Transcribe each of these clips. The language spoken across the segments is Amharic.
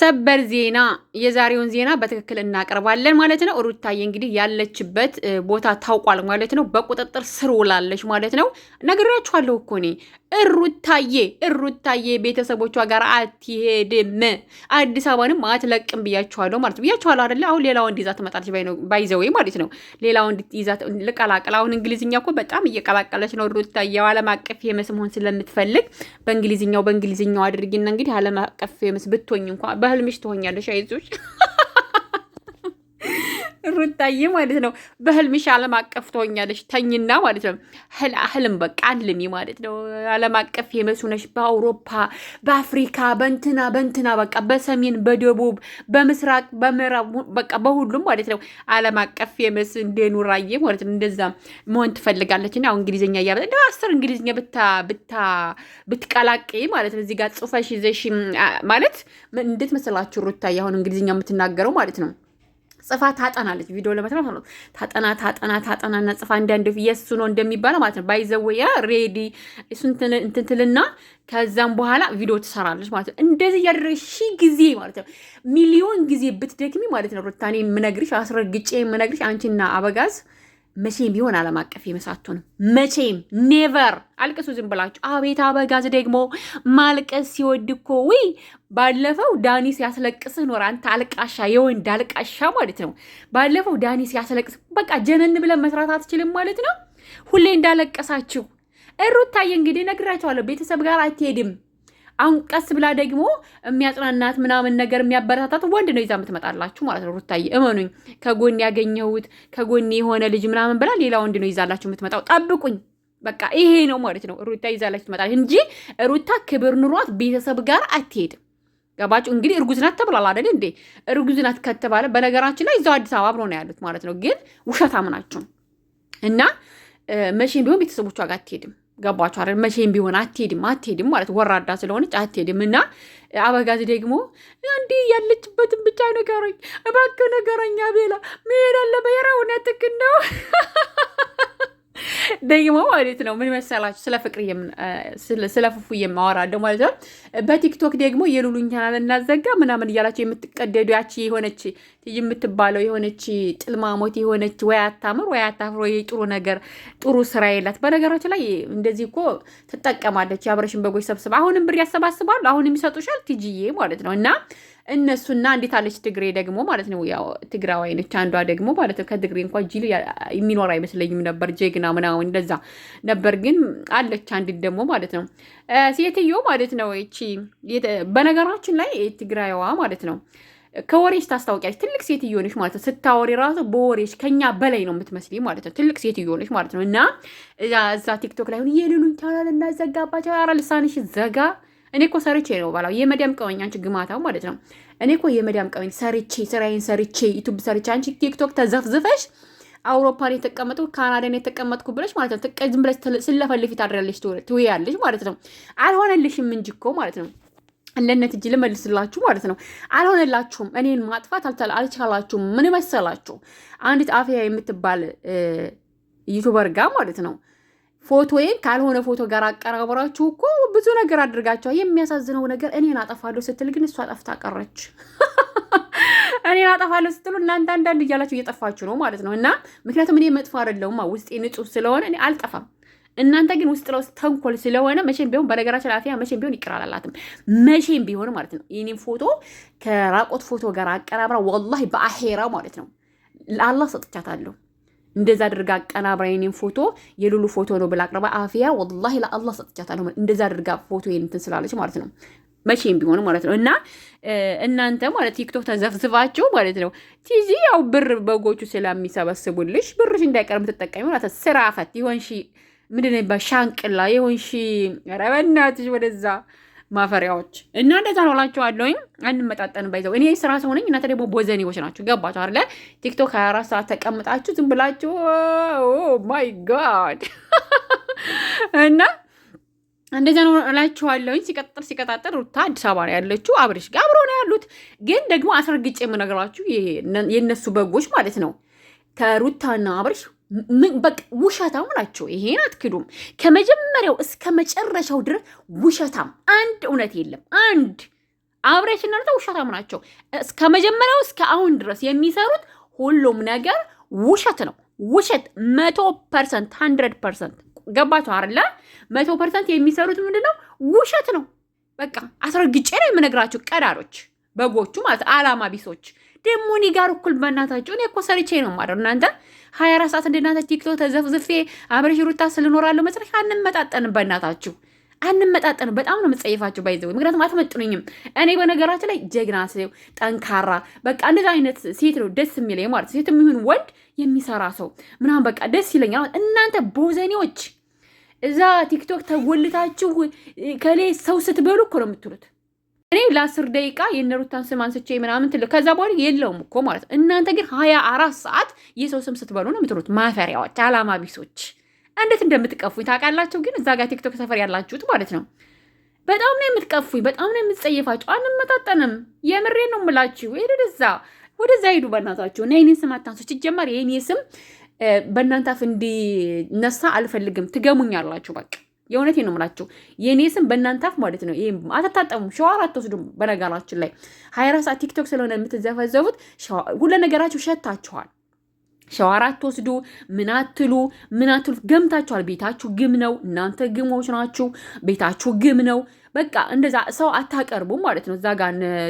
ሰበር ዜና የዛሬውን ዜና በትክክል እናቀርባለን ማለት ነው። ሩታዬ እንግዲህ ያለችበት ቦታ ታውቋል ማለት ነው። በቁጥጥር ስር ውላለች ማለት ነው። ነግሬያችኋለሁ እኮ እኔ እሩታዬ እሩታዬ ቤተሰቦቿ ጋር አትሄድም፣ አዲስ አበባንም አትለቅም ብያችኋለሁ ማለት ነው። ብያችኋለሁ አይደለ? አሁን ሌላ ወንድ ይዛ ትመጣለች ባይዘወይ ማለት ነው። ሌላ ወንድ ይዛ ልቀላቀል። አሁን እንግሊዝኛ እኮ በጣም እየቀላቀለች ነው ሩታዬ። ዓለም አቀፍ የመስ መሆን ስለምትፈልግ በእንግሊዝኛው በእንግሊዝኛው አድርጊና እንግዲህ ዓለም አቀፍ የመስ ብትሆኝ እንኳ በህልምሽ ትሆኛለሽ። አይዞሽ ሩታዬ ማለት ነው። በህልምሽ ዓለም አቀፍ ትሆኛለሽ። ተኝና ማለት ነው ህልም በቃ አልሚ ማለት ነው። ዓለም አቀፍ ነሽ። በአውሮፓ፣ በአፍሪካ፣ በእንትና በእንትና በቃ በሰሜን፣ በደቡብ፣ በምስራቅ፣ በምዕራብ በቃ በሁሉም ማለት ነው ዓለም አቀፍ የመስ እንደኑራዬ ማለት ነው። እንደዛ መሆን ትፈልጋለች እና አሁን እንግሊዝኛ እያበ አስር እንግሊዝኛ ብትቀላቅ ማለት ነው እዚህ ጋር ጽፈሽ ይዘሽ ማለት እንዴት መሰላችሁ ሩታዬ አሁን እንግሊዝኛ የምትናገረው ማለት ነው ጽፋ ታጠናለች። ቪዲዮ ለመስራት ነው ታጠና ታጠና ታጠናና ጽፋ እንዳንድ የሱ ነው እንደሚባለው ማለት ነው። ባይዘወያ ሬዲ እሱን እንትን ትልና ከዛም በኋላ ቪዲዮ ትሰራለች ማለት ነው። እንደዚህ እያደረገ ሺ ጊዜ ማለት ነው፣ ሚሊዮን ጊዜ ብትደክሚ ማለት ነው። ሩታኔ የምነግርሽ አስረግጬ የምነግርሽ አንቺና አበጋዝ መቼም ቢሆን ዓለም አቀፍ የመሳቱን መቼም ኔቨር አልቅሱ ዝም ብላችሁ። አቤት አበጋዝ ደግሞ ማልቀስ ሲወድ እኮ ውይ! ባለፈው ዳኒ ሲያስለቅስ ኖር አንተ አልቃሻ፣ የወንድ አልቃሻ ማለት ነው። ባለፈው ዳኒ ሲያስለቅስ በቃ ጀነን ብለን መስራት አትችልም ማለት ነው። ሁሌ እንዳለቀሳችሁ እሩታዬ እንግዲህ ነግራቸዋለሁ። ቤተሰብ ጋር አትሄድም አሁን ቀስ ብላ ደግሞ የሚያጽናናት ምናምን ነገር የሚያበረታታት ወንድ ነው ይዛ የምትመጣላችሁ ማለት ነው። ሩታዬ እመኑኝ፣ ከጎን ያገኘሁት ከጎን የሆነ ልጅ ምናምን ብላ ሌላ ወንድ ነው ይዛላችሁ የምትመጣው። ጠብቁኝ። በቃ ይሄ ነው ማለት ነው። ሩታ ይዛላችሁ ትመጣለች እንጂ ሩታ ክብር ኑሯት ቤተሰብ ጋር አትሄድም። ገባችሁ? እንግዲህ እርጉዝ ናት ተብሏል አይደል እንዴ? እርጉዝ ናት ከተባለ በነገራችን ላይ እዛው አዲስ አበባ አብሮ ነው ያሉት ማለት ነው። ግን ውሸታም ናቸው እና መቼም ቢሆን ቤተሰቦቿ ጋር አትሄድም። ገባችሁ አይደል? መቼም ቢሆን አትሄድም አትሄድም ማለት ወራዳ ስለሆነች አትሄድም። እና አበጋዝ ደግሞ እንዲህ ያለችበትን ብቻ ነገረኝ እባክህ ነገረኛ ቤላ መሄድ አለበ የረውን ያትክን ነው ደግሞ ማለት ነው ምን መሰላችሁ፣ ስለ ፍቅር ስለ ፉፉ የማወራ ደግሞ ማለት ነው። በቲክቶክ ደግሞ የሉሉኝ ቻናል እናዘጋ ምናምን እያላቸው የምትቀደዱ ያቺ የሆነች የምትባለው የሆነች ጥልማሞት የሆነች ወይ አታምር ወይ አታፍሮ ጥሩ ነገር ጥሩ ስራ የላት። በነገራችን ላይ እንደዚህ እኮ ትጠቀማለች። የአብረሽን በጎች ሰብስባ አሁንም ብር ያሰባስባሉ። አሁንም ይሰጡሻል ትጅዬ ማለት ነው እና እነሱና እንዴት አለች ትግሬ ደግሞ ማለት ነው ያው ትግራዊ ነች አንዷ ደግሞ ማለት ነው። ከትግሬ እንኳ ጅል የሚኖር አይመስለኝም ነበር ጀግና ምናምን እንደዛ ነበር። ግን አለች አንዲት ደግሞ ማለት ነው ሴትዮ ማለት ነው ይቺ በነገራችን ላይ ትግራይዋ ማለት ነው ከወሬሽ ታስታውቂያለሽ። ትልቅ ሴትዮ ነሽ ማለት ነው። ስታወሪ ራሱ በወሬሽ ከኛ በላይ ነው የምትመስል ማለት ነው። ትልቅ ሴትዮ ነሽ ማለት ነው። እና እዛ ቲክቶክ ላይ ሁን የሉሉኝ ተላል እናዘጋባቸው ኧረ ልሳንሽ ዘጋ እኔ እኮ ሰርቼ ነው ባላው የመዲያም ቀወኝ አንቺ ግማታው ማለት ነው። እኔ እኮ የመዲያም ቀወኝ ሰርቼ ስራዬን ሰርቼ ዩቱብ ሰርቼ አንቺ ቲክቶክ ተዘፍዝፈሽ አውሮፓን የተቀመጡ ካናዳን የተቀመጥኩ ብለሽ ማለት ነው። ዝም ብለሽ ስለፈልፊ ታድሪያለሽ ትውያለሽ ማለት ነው። አልሆነልሽም እንጂ እኮ ማለት ነው። እንደነት እጅ ልመልስላችሁ ማለት ነው። አልሆነላችሁም። እኔን ማጥፋት አልቻላችሁም። ምን መሰላችሁ አንዲት አፍያ የምትባል ዩቱበር ጋር ማለት ነው ፎቶዬን ካልሆነ ፎቶ ጋር አቀራብራችሁ እኮ ብዙ ነገር አድርጋችኋል። የሚያሳዝነው ነገር እኔን አጠፋለሁ ስትል ግን እሷ ጠፍታ ቀረች። እኔን አጠፋለሁ ስትሉ እናንተ አንዳንድ እያላችሁ እየጠፋችሁ ነው ማለት ነው። እና ምክንያቱም እኔ መጥፎ አይደለሁማ ውስጤ ንጹህ ስለሆነ እኔ አልጠፋም። እናንተ ግን ውስጥ ለውስጥ ተንኮል ስለሆነ መቼም ቢሆን በነገራችን ላፊያ መቼም ቢሆን ይቅር አላላትም። መቼም ቢሆን ማለት ነው። ይህኔም ፎቶ ከራቆት ፎቶ ጋር አቀራብራ ወላሂ በአሄራ ማለት ነው ለአላህ ሰጥቻታለሁ። እንደዛ አድርጋ አቀናብራ የኔን ፎቶ የሉሉ ፎቶ ነው ብላ አቅርባ አፍያ ወላሂ ለአላህ ሰጥቻታለሁ። እንደዛ አድርጋ ፎቶ እንትን ስላለች ማለት ነው መቼም ቢሆን ማለት ነው። እና እናንተ ማለት ቲክቶክ ተዘፍዝፋችሁ ማለት ነው። ቲዚ ያው ብር በጎቹ ስለሚሰበስቡልሽ ብርሽ እንዳይቀር የምትጠቀሚ ማለት ስራ ፈት ይሆን ሺ ምንድን ሻንቅላ ይሆን ሺ ረበናትሽ ወደዛ ማፈሪያዎች እና እንደዛ ነው እላቸዋለሁኝ። አንመጣጠን ባይዘው እኔ ስራ ሰው ነኝ፣ እናንተ ደግሞ ቦዘኔዎች ናችሁ። ገባችሁ አይደለ? ቲክቶክ 24 ሰዓት ተቀምጣችሁ ዝም ብላችሁ ማይ oh ጋድ እና እንደዚያ ነው እላችኋለሁኝ። ሲቀጥል ሲቀጣጠል ሩታ አዲስ አበባ ነው ያለችው፣ አብሬሽ ጋር አብረው ነው ያሉት። ግን ደግሞ አስረግጬ የምነግራችሁ የእነሱ በጎች ማለት ነው ከሩታና አብሬሽ በቃ ውሸታም ናቸው። ይሄን አትክዱም። ከመጀመሪያው እስከ መጨረሻው ድረስ ውሸታም፣ አንድ እውነት የለም። አንድ አብሬሽ እና ውሸታም ናቸው። እስከ መጀመሪያው እስከ አሁን ድረስ የሚሰሩት ሁሉም ነገር ውሸት ነው። ውሸት መቶ ፐርሰንት፣ ሀንድረድ ፐርሰንት ገባቸው አለ መቶ ፐርሰንት የሚሰሩት ምንድነው? ውሸት ነው። በቃ አስረግጬ ነው የምነግራቸው። ቀዳሮች፣ በጎቹ ማለት አላማ ቢሶች ደግሞ እኔ ጋር እኩል በእናታችሁ፣ እኔ እኮ ሰርቼ ነው ማለት እናንተ ሀያ አራት ሰዓት እንደ እናንተ ቲክቶክ ተዘፍዝፌ አብረሽ ሩታ ስልኖራለሁ መጽረሻ አንመጣጠን በእናታችሁ አንመጣጠን በጣም ነው የምጸይፋችሁ ባይዘ ምክንያቱም አትመጡንኝም። እኔ በነገራችን ላይ ጀግና ሰው፣ ጠንካራ በቃ እንደዚህ አይነት ሴት ነው ደስ የሚለኝ ማለት ሴት የሚሆን ወንድ የሚሰራ ሰው ምናምን በቃ ደስ ይለኛል። እናንተ ቦዘኔዎች እዛ ቲክቶክ ተጎልታችሁ ከሌ ሰው ስትበሉ እኮ ነው የምትሉት እኔ ለአስር ደቂቃ የነሩታን ስም አንስቼ ምናምን ትል ከዛ በኋላ የለውም እኮ ማለት ነው። እናንተ ግን ሀያ አራት ሰዓት የሰው ስም ስትበሉ ነው የምትሉት ማፈሪያዎች፣ አላማ ቢሶች እንዴት እንደምትቀፉኝ ታውቃላችሁ። ግን እዛ ጋር ቲክቶክ ሰፈር ያላችሁት ማለት ነው በጣም ነው የምትቀፉኝ፣ በጣም ነው የምትጸየፋችሁ። አንመጣጠንም። የምሬ ነው የምላችሁ። ወደዛ ወደዛ ሄዱ በእናታችሁ እና የኔን ስም አታንሶች። ሲጀመር የኔ ስም በእናንተ አፍ እንዲነሳ አልፈልግም። ትገሙኛላችሁ በቃ የእውነት ነው የምላችሁ። የእኔ ስም በእናንተ አፍ ማለት ነው። ይሄም አትታጠሙም፣ ሸዋር አትወስዱም። በነገራችን ላይ ሀያ አራት ሰዓት ቲክቶክ ስለሆነ የምትዘፈዘቡት ሁለ ነገራችሁ ሸታችኋል። ሸዋር አትወስዱ፣ ምን አትሉ፣ ምን አትሉ፣ ገምታችኋል። ቤታችሁ ግም ነው። እናንተ ግሞች ናችሁ። ቤታችሁ ግም ነው። በቃ እንደዛ ሰው አታቀርቡ ማለት ነው።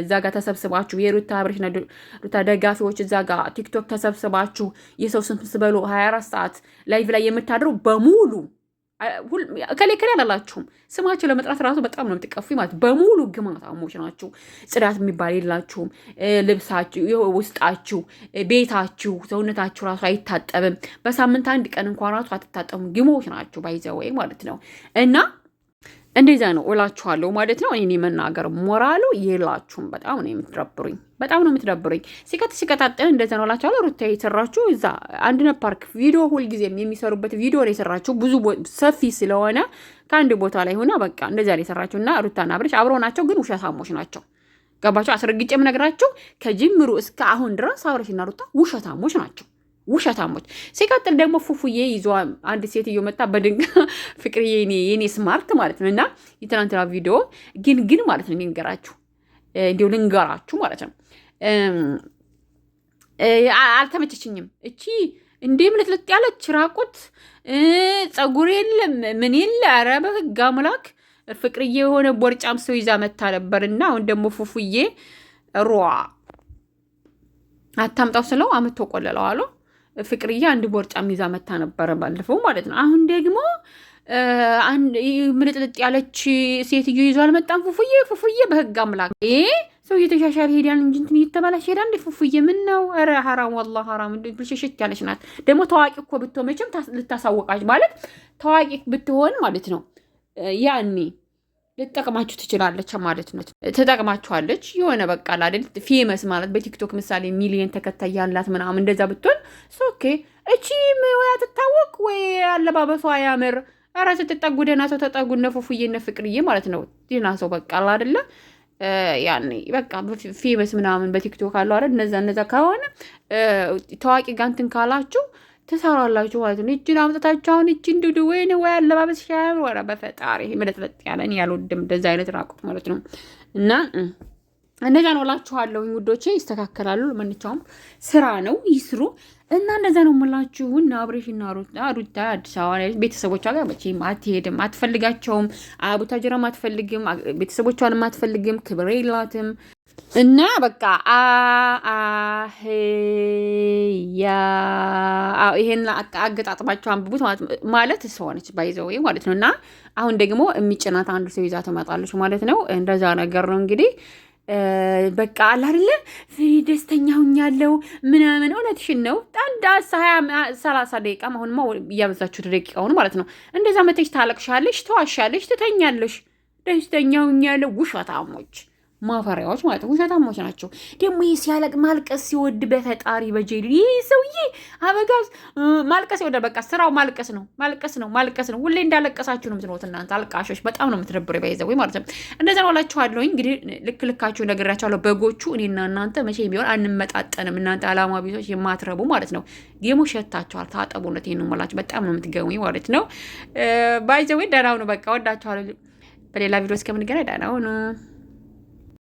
እዛ ጋ ተሰብስባችሁ የሩታ አብሬሽና ሩታ ደጋፊዎች እዛ ጋ ቲክቶክ ተሰብስባችሁ የሰው ስም ስበሉ 24 ሰዓት ላይቭ ላይ የምታድሩ በሙሉ ከሌ ከሌ አላላችሁም። ስማቸው ለመጥራት ራሱ በጣም ነው የምትቀፉ ማለት በሙሉ ግማታሞች ናችሁ። ጽዳት የሚባል የላችሁም። ልብሳችሁ፣ ውስጣችሁ፣ ቤታችሁ፣ ሰውነታችሁ ራሱ አይታጠብም። በሳምንት አንድ ቀን እንኳን ራሱ አትታጠሙ። ግሞች ናችሁ ባይዘወይ ማለት ነው እና እንደዛ ነው እላችኋለሁ ማለት ነው። እኔ መናገር ሞራሉ የላችሁም። በጣም ነው የምትደብሩኝ፣ በጣም ነው የምትደብሩኝ። ሲቀጥ ሲቀጣጠል እንደዛ ነው እላችኋለሁ። ሩታ የሰራችሁ እዛ አንድነት ፓርክ ቪዲዮ ሁልጊዜም የሚሰሩበት ቪዲዮ ነው የሰራችሁ። ብዙ ሰፊ ስለሆነ ከአንድ ቦታ ላይ ሆና በቃ እንደዛ ነው የሰራችሁ እና ሩታና አብረሽ አብረው ናቸው፣ ግን ውሸታሞች ናቸው። ገባቸው። አስረግጬ የምነግራቸው ከጅምሩ እስከ አሁን ድረስ አብረሽና ሩታ ውሸታሞች ናቸው። ውሸታሞች። ሲቀጥል ደግሞ ፉፉዬ ይዞ አንድ ሴትዮ መጣ በድንጋ ፍቅርዬ፣ የኔ ስማርት ማለት ነው እና የትናንትና ቪዲዮ ግን ግን ማለት ነው ልንገራችሁ፣ እንዲሁ ልንገራችሁ ማለት ነው አልተመቸችኝም እቺ እንዴ ምልጥልጥ ያለች ራቁት ፀጉር የለም ምን የለ። ኧረ በህግ አምላክ ፍቅርዬ የሆነ ቦርጫም ሰው ይዛ መታ ነበር እና አሁን ደግሞ ፉፉዬ ሯ አታምጣው ስለው አመቶ ቆለለው አሉ። ፍቅርዬ አንድ ቦርጫም ይዛ መታ ነበረ ባለፈው ማለት ነው። አሁን ደግሞ ምልጥልጥ ያለች ሴትዮ ይዞ አልመጣም። ፉፉዬ ፉፉዬ በህግ አምላክ ሰው እየተሻሻለ ሄዳል እንጂ እንትን እየተባላሽ ሄዳ እንዴ? ፉፉዬ ምን ነው? ኧረ ሀራም ወላ ሀራም። ብልሽሽት ያለች ናት ደግሞ ታዋቂ እኮ ብትሆን መቼም ልታሳወቃች ማለት ታዋቂ ብትሆን ማለት ነው ያኔ ልትጠቅማችሁ ትችላለች ማለት ነው። ትጠቅማችኋለች የሆነ በቃ ላደል ፌመስ ማለት በቲክቶክ ምሳሌ ሚሊየን ተከታይ ያላት ምናምን እንደዛ ብትሆን ኦኬ። እቺ ወይ አትታወቅ ወይ አለባበሷ ያምር ኧረ ስትጠጉ ደህና ሰው ተጠጉ፣ እነ ፉፉዬ እነ ፍቅርዬ ማለት ነው። ደህና ሰው በቃ አለ አይደለ ያኔ በቃ ፌመስ ምናምን በቲክቶክ አለ አይደል እነዛ እነዛ ከሆነ ታዋቂ ጋንትን እንትን ካላችሁ ትሰራላችሁ ማለት ነው። እጅን አምጥታችሁ አሁን እጅን ዱዱ ወይን ወይ አለባበስ ሻ በፈጣሪ መለጥለጥ ያለን ያልወድም እንደዚ አይነት ራቁት ማለት ነው እና እንደዛ ነው እላችኋለሁ ውዶቼ። ይስተካከላሉ። ማንኛውም ስራ ነው ይስሩ እና እንደዛ ነው የምላችሁ። እና አብሬሽ እና ሩታ አዲስ አበባ ላይ ቤተሰቦቿ ጋር መቼም አትሄድም፣ አትፈልጋቸውም። ቡታጅራም አትፈልግም፣ ቤተሰቦቿንም አትፈልግም፣ ክብር የላትም። እና በቃ አህያ ይሄን አገጣጥማቸው አንብቡት ማለት ሰሆነች ባይዘው ማለት ነው። እና አሁን ደግሞ የሚጭናት አንዱ ሰው ይዛ ትመጣለች ማለት ነው። እንደዛ ነገር ነው እንግዲህ በቃ አላርለ ፍሪ ደስተኛ ሁኛለው ምናምን። እውነትሽን ነው። አንድ ሰላሳ ደቂቃ አሁንማ እያበዛችሁ ደቂቃውን ማለት ነው። እንደዛ መተሽ ታለቅሻለሽ፣ ተዋሻለሽ፣ ትተኛለሽ። ደስተኛ ሁኛለው ውሸታሞች ማፈሪያዎች ማለት ነው። ውሸታሞች ናቸው። ደግሞ ይህ ሲያለቅ ማልቀስ ሲወድ በፈጣሪ በጄል ይህ ሰውዬ አበጋዝ ማልቀስ ይወዳል። በቃ ስራው ማልቀስ ነው፣ ማልቀስ ነው፣ ማልቀስ ነው። ሁሌ እንዳለቀሳችሁ ነው የምትኖሩት እናንተ አልቃሾች። በጣም ነው የምትደብሩ ወይ ማለት ነው። እንደዛ ነው እላችኋለሁ። እንግዲህ ልክ ልካችሁ ነግራችኋለሁ። በጎቹ እኔና እናንተ መቼ ቢሆን አንመጣጠንም። እናንተ አላማ ቢሶች የማትረቡ ማለት ነው። ደግሞ ሸታችኋል። ታጠቡነት ይህን ሞላችሁ። በጣም ነው የምትገሙ ማለት ነው። ባይዘ ወይ ደህና ነው በቃ ወዳችኋለሁ። በሌላ ቪዲዮ እስከምንገናኝ ደህና ነው።